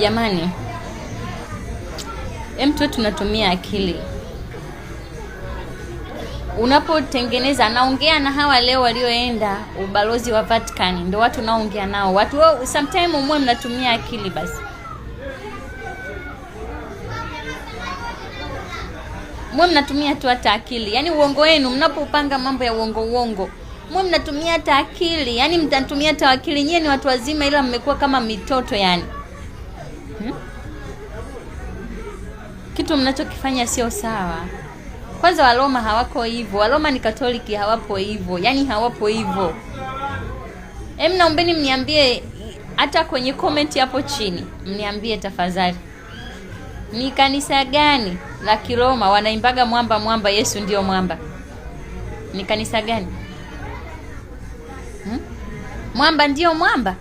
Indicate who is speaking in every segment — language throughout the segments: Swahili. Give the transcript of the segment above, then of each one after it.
Speaker 1: Jamani, hem tunatumia akili unapotengeneza. Naongea na hawa leo walioenda ubalozi wa Vatican, ndo watu naongea nao watu oh, sometime umwe mnatumia akili basi mwe mnatumia tu hata akili, yaani uongo wenu mnapopanga mambo ya uongo uongo, mwe mnatumia hata akili, yaani mtatumia hata akili. Nyie ni watu wazima, ila mmekuwa kama mitoto yani. Hmm? Kitu mnachokifanya sio sawa. Kwanza Waroma hawako hivyo. Waroma ni Katoliki, hawapo hivyo, yaani hawapo hivyo. Em, naombeni mniambie hata kwenye comment hapo chini, mniambie tafadhali, ni kanisa gani la Kiroma wanaimbaga mwamba mwamba, Yesu ndiyo mwamba? Ni kanisa gani hmm? Mwamba ndiyo mwamba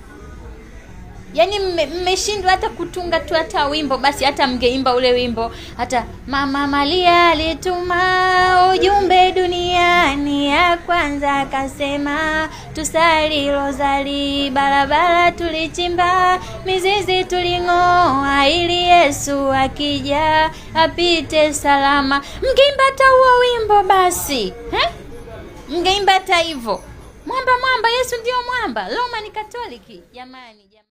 Speaker 1: yaani mmeshindwa hata kutunga tu hata wimbo basi hata mgeimba ule wimbo hata mama malia alituma ujumbe duniani ya kwanza akasema tusali rozali barabara tulichimba mizizi tuling'oa ili yesu akija apite salama mgeimba hata huo wimbo basi mgeimba hata hivyo mwamba mwamba yesu ndio mwamba roma ni katoliki jamani